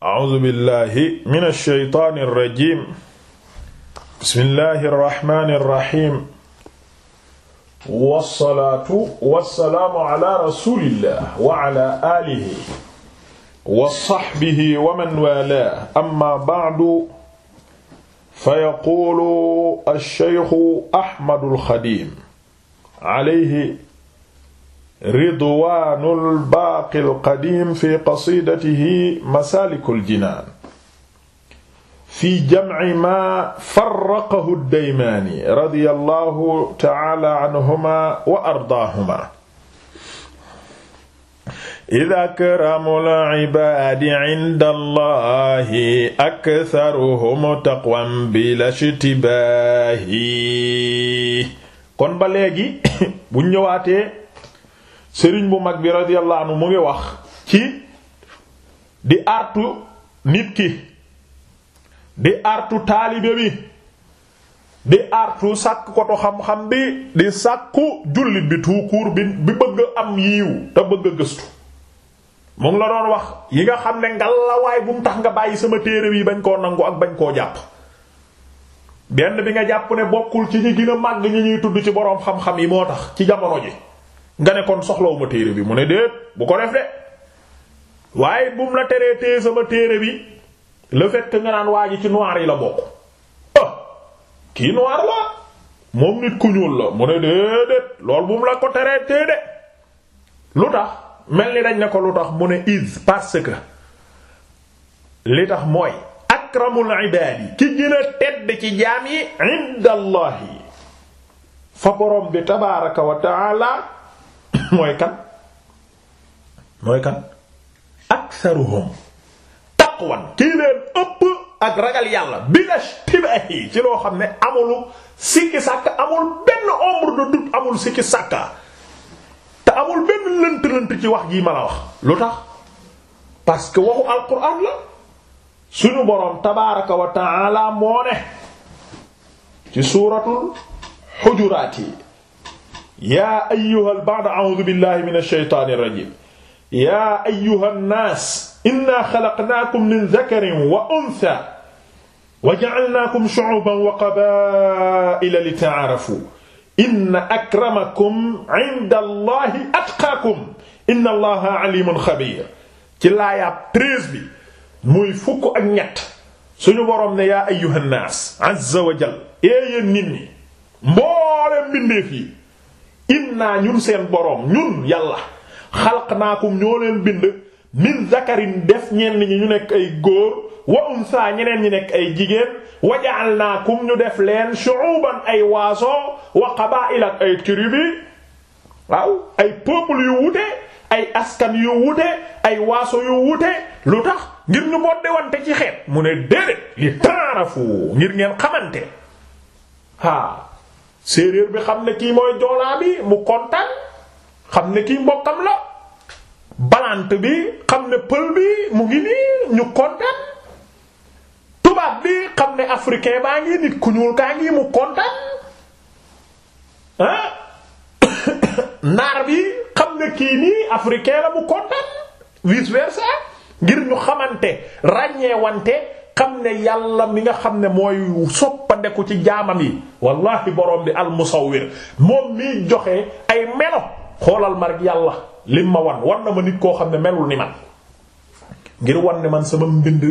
A'uuzu billaahi mina shaytaani rajiim. Bismillaahi rahmaani rahiim. Wassalaatu wassalaamu alaa rasuulillaah wa alaa aalihi wa sahbihi wa man waalaahu. Ammaa ba'du, fayaquulu ash-shaykhu Ahmadul Xadiim alayhi ridwaanul baaqil qadiim fi qasiidatihi masaalikul jinaan fi jamci maa farraqahu daymaani radiyallahu ta'ala anhumaa wa ardaahumaa. idaa akramul cibaadi cinda Allaahi aktharuhum taqwan bilaa ishtibaahi. kon ba léegi bu ñëwaatee. sëriñ bu mag bi radiyallahu anhu mu ngi wax ci di artu nit ki di artu taalibe bi di artu sàkk koto xam-xam bi di sàkku jullit bi tuukuur bi bi bëgg am yiiw te bëgg a gëstu mu ngi la doon wax yi nga xam ne ngalawaay bu mu tax nga bàyyi sama téere bi bañ koo nangu ak bañ koo jàpp benn bi nga jàpp ne bokkul ci ñi gën a màgg ñi ñuy tudd ci boroom xam-xam yi moo tax ci jamono ji nga ne kon soxlawu ma téere bi mu ne déet bu ko def de waaye bu mu la teree téye téere bi la fait nga naan waa ji ci noir yi la bokk ah kii noir la moom nit ku ñuul la mu ne déedéet loolu bu mu la ko teree téye de lu tax mel ni dañ ne ko lu tax mu ne is parce li tax mooy akramul ibaad yi ki gën tedd ci jaam yi indallahi fa borom bi tabaaraka wa ta'ala mooy kan mooy kan aksaruhum taqwan kii leen ëpp ak ragal yàlla bi ashtibahi ci loo xam ne amulu sikki sàkk amul benn ombre de doute amul sikki sàkka te amul benn lënt lënt ci wax jii ma la wax lu tax parce que waxu alquran la suñu boroom tabaaraka wa ta'ala moo ne ci suuratul xujuraat yi yaa ayyuhal ba'da a'uudu billahi mina shaytaani rajiim yaa ayyuhan naas innaa xalaqnaakum min zakarin wa unsaa wa ja'alnaakum shu'uban wa qabaa'ila lita'aarafuu inna akramakum 'inda allahi atqaakum inna allaha 'aliimun xabiir ci laayaab treize bi muy fukk ak ñett suñu boroom ne yaa ayyuhan naas azza wa jalla yéen nit ñi mboolem mbindeef yi inna ñun seen boroom ñun yàlla xalaqnaakum ñoo leen bind min zakarin def ñenn ñi ñu nekk ay góor wa saa ñeneen ñi nekk ay jigéen wa ja'alnaakum ñu def leen shu'uban ay waaso wa qabaa'il ak ay tribu waaw ay peuple yu wute ay askan yu wute ay waaso yu wute lu tax ngir ñu bodde wante ci xeet mu ne déedéet li taarafu ngir ngeen xamante séeréer bi xam ne kii mooy joolaa bi mu kontaan xam ne kii mbokkam la balante bi xam ne pël bi mu ngi nii ñu kontaan tubaab bi xam ne africain baa ngi nit ku ñuul kaa ngi mu kontaan ah naar bi xam ne kii nii africain la mu kontaan vice versa ngir ñu xamante ràññeewante xam ne yàlla mi nga xam ne mooy dekku ci jaamam yi wallahi borom bi al musawwir moom miy joxe ay melo xoolal ma rek yàlla lim ma wan wan na ma nit koo xam ne melul ni man ngir wan ne man sama mbind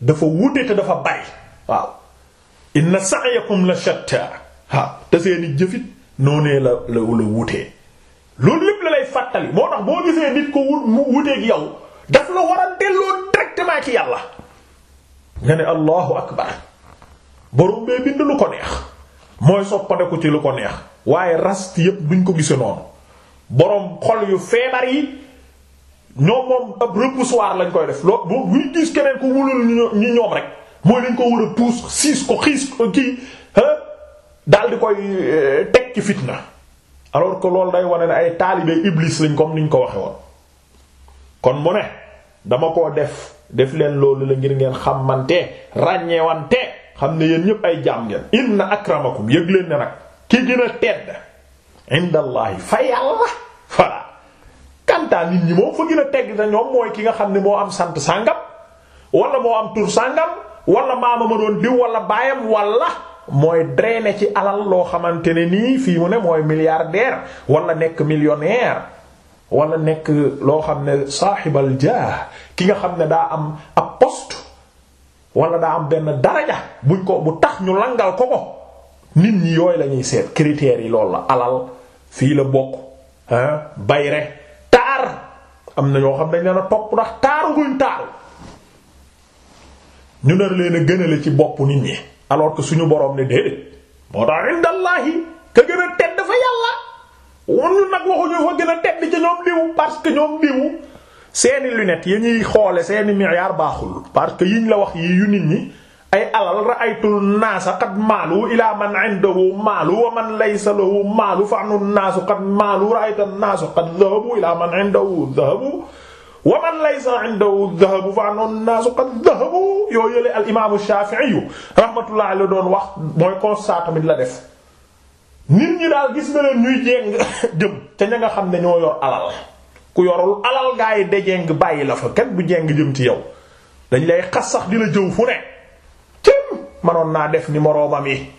dafa wute te dafa bari waaw inna sa'yakum la shatta waaw te seeni jëfit noonee la la la wutee loolu lépp lay fàttali moo tax boo gisee nit ko wut mu wuteeg yow daf la war a delloo directement ci yàlla nga ne allahu akbar borom bee bind lu ko neex mooy soppane ko ci lu ko neex waaye rast yépp duñ ko gise noonu boroom xol yu feebar yi ñoom moom ab repoussoir lañ koy def loo bu gis keneen ku wulul ñu ñoom rek mooy dañ ko war a puus siis ko xiis ko kii daal di koy eh, teg ci fitna alors ko loolu day wane ne ay taalibe iblis lañ comme niñ ko waxe woon kon mu ne dama koo def def leen loolu la ngir ngeen xamante ràññeewante xam ne yéen ñëpp ay jaam ngeen inna akramakum yëg leen ne nag ki gën a tedd indallahi fa yàlla voilà kantaa nit ñi moom fa gën a tedd ñoom mooy ki nga xam ne moo am sant sàngam wala moo am tur sàngam wala maama doon diw wala baayam wala mooy drainer ci alal loo xamante ne nii fii mu ne mooy milliardaire wala nekk millionnaire wala nekk loo xam ne saaxibal jaah ki nga xam ne daa am ab post wala daa am benn daraja buñ ko bu tax ñu langal ko ko nit ñi yooyu lañuy seet critères yi loolu la alal fii la bokk bayre taar am na ñoo xam ne dañ leen a topp ndax taaru guñ taaru ñu nar leen a gënale ci boppu nit ñi alors que suñu boroom ne déedéet moo tax indallaahi ka gën a tedd dafa yàlla waxuñu fa gën a tedd ci ñoom diw parce que ñoom diw seeni lunettes yi ñuy xoole seeni milliards baaxul parce que yiñ la wax yi yu nit ñi ay alal ra'aytu naasa qad maalu ila man indahu maalu wa man laysa lahu maalu fa anu naasu qad maalu ra'aytu naasu qad dhahabu ila man indahu dhahabu wa man laysa indahu dhahabu fa anu naasu qad dhahabu yoo yële al imaamu Shaafi'i rahmatullahi alayhi doon wax mooy constat tamit la def nit ñi daal gis nga leen ñuy jéng jëm te ña nga xam ne ñoo yor alal ku yorul alal gaa yi de jéng bàyyi la fa kenn bu jéng jëm ci yow dañ lay xas sax di la jëw fu ne cim naa def ni yi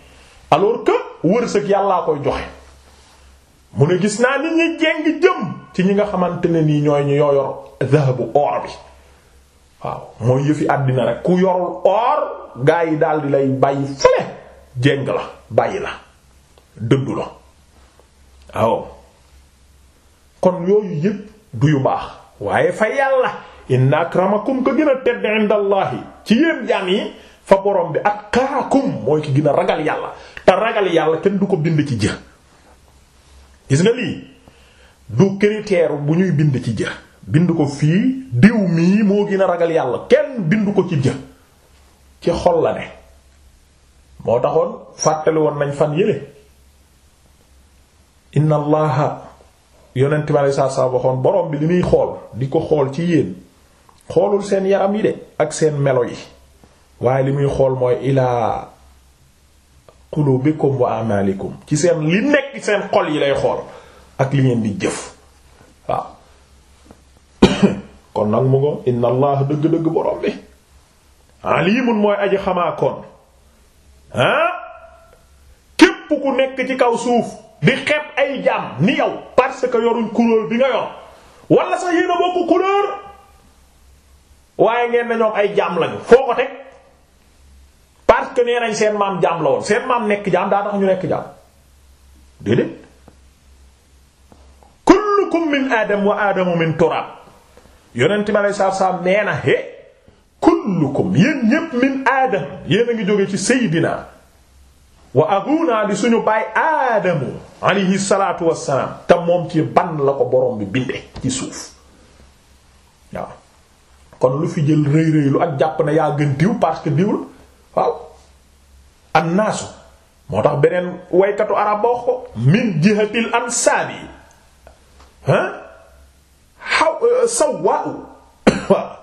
alors que wërsëg yàllaa joxe mu ne gis naa nit ñi jéng jëm ci ñi nga xamante ne nii ñooy ñu yoo yor zahabu bi waaw mooy yëfi àddina rek ku yorul or gaa yi daal di lay bàyyi fële jéng la bàyyi la dëddu la waaw kon yooyu yépp du yu baax waaye fa yàlla inna akramakum ka gën a tedd indallahi ci yéen jaam yi fa borom bi atqaakum mooy ki gën a ragal yàlla te ragal yàlla kenn du ko bind ci jë gis nga lii du critère bu ñuy bind ci jë bind ko fii diw mii moo gën a ragal yàlla kenn bind ko ci jë ci xol la ne moo taxoon fàttali woon nañ fan yële inna allaha yonent saa saa waxoon borom bi li muy xool di ko xool ci yéen xoolul seen yaram yi de ak seen melo yi waaye li muy xool mooy ilaa qulubikum wa amalikum ci seen li nekk seen xol yi lay xool ak li ngeen di jëf waaw kon nag mu ngo inna allah dëgg-dëgg borom bi alimun mooy aji xamaa kon képp ku nekk ci kaw suuf di xeeb ay jaam ni yow parce que yoruñ couleur bi nga yor wala sax yéen a bokk couleur waaye ngeen ne ay jaam lañu foo ko teg parce que nee nañ seen maam jaam la woon seen maam nekk jaam daa tax ñu nekk jaam déedéet. kullukum min aadam wa aadamu min turaab yonent ma lay saaf saaf nee na he kullukum yéen ñépp min aadam yéen a ngi jóge ci sayidina. wa abuna di suñu baay aadamu alayhi salaatu wassalaam te moom ci ban la ko borom bi bindee ci suuf waaw kon lu fi jël rëy rëy lu ak jàpp na yaa gën diw parce que diw waaw annaasu moo tax beneen waykatu arab ba wax ko min jihatil ansaabi ha xaw sawwaa'u waaw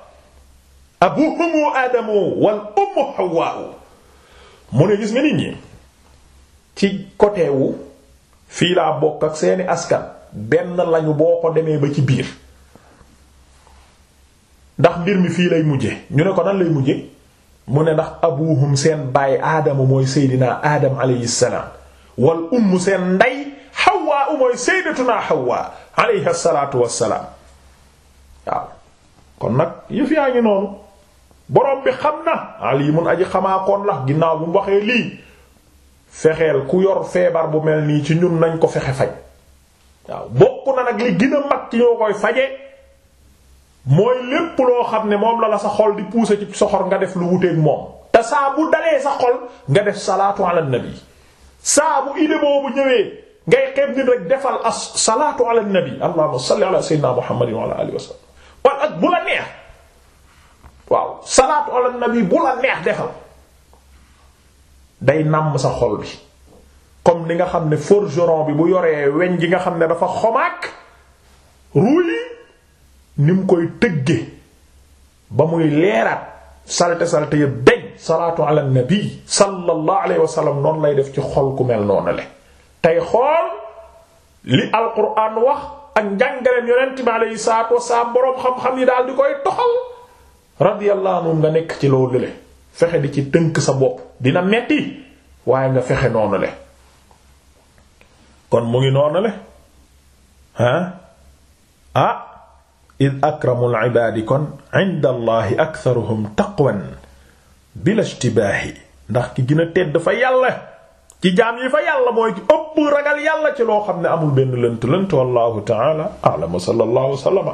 abuhumu aadamu wal ummu hawwaa'u mu ne gis nga nit ñi ci côté wu fii laa bokk ak seeni askan benn lañu boo ko demee ba ci biir ndax mbir mi fii lay mujje ñu ne ko nan lay mujje mu ne ndax abuhum seen baay aadama mooy seydinaa aadam alayhi salaam wal umm seen ndey xawaa u mooy seydatuna xawaa alayhi salaatu wassalaam waaw kon nag yëf yaa ngi noonu borom bi xam na alimun aji xamaakoon la ginnaaw bu mu waxee lii fexeel ku yor feebar bu mel nii ci ñun nañ ko fexe faj waaw bokk na nag li gën a mag ci ñoo koy faje mooy lépp loo xam ne moom la la sa xol di pousser ci soxor nga def lu wuteeg moom te saabu bu dalee sa xol nga def salaatu ala nabi saa bu boobu ñëwee ngay xeeb nit rek defal as salaatu ala nabi allahumma wala ak bu la neex waaw salaatu ala nabi bu la neex defal day nàmm sa xol bi comme ni nga xam ne forgeron bi bu yoree weñ gi nga xam ne dafa xomaak ruuy ni mu koy tëgge ba muy leeraat salte salte yëpp deñ salaatu ala nabi sallallahu alayhi wa sallam lay def ci xol ku mel noonu le tey xool li alquran wax ak njàngaleem yonent bi alayhi salaatu wasalaam boroom xam-xam yi daal di koy toxal radiyallahu anhu nga nekk ci loolu le fexe di ci tënk sa bopp dina metti waaye nga fexe noonu le kon mu ngi noonu le ah ah id akramul ibaadi kon inda allahi aktharuhum taqwan bila ishtibaahi ndax ki gën a fa yàlla ci jaam yi fa yàlla mooy ki ëpp ragal yàlla ci loo xam ne amul benn lënt lënt wallahu ta'ala a'lam sallallahu wa sallama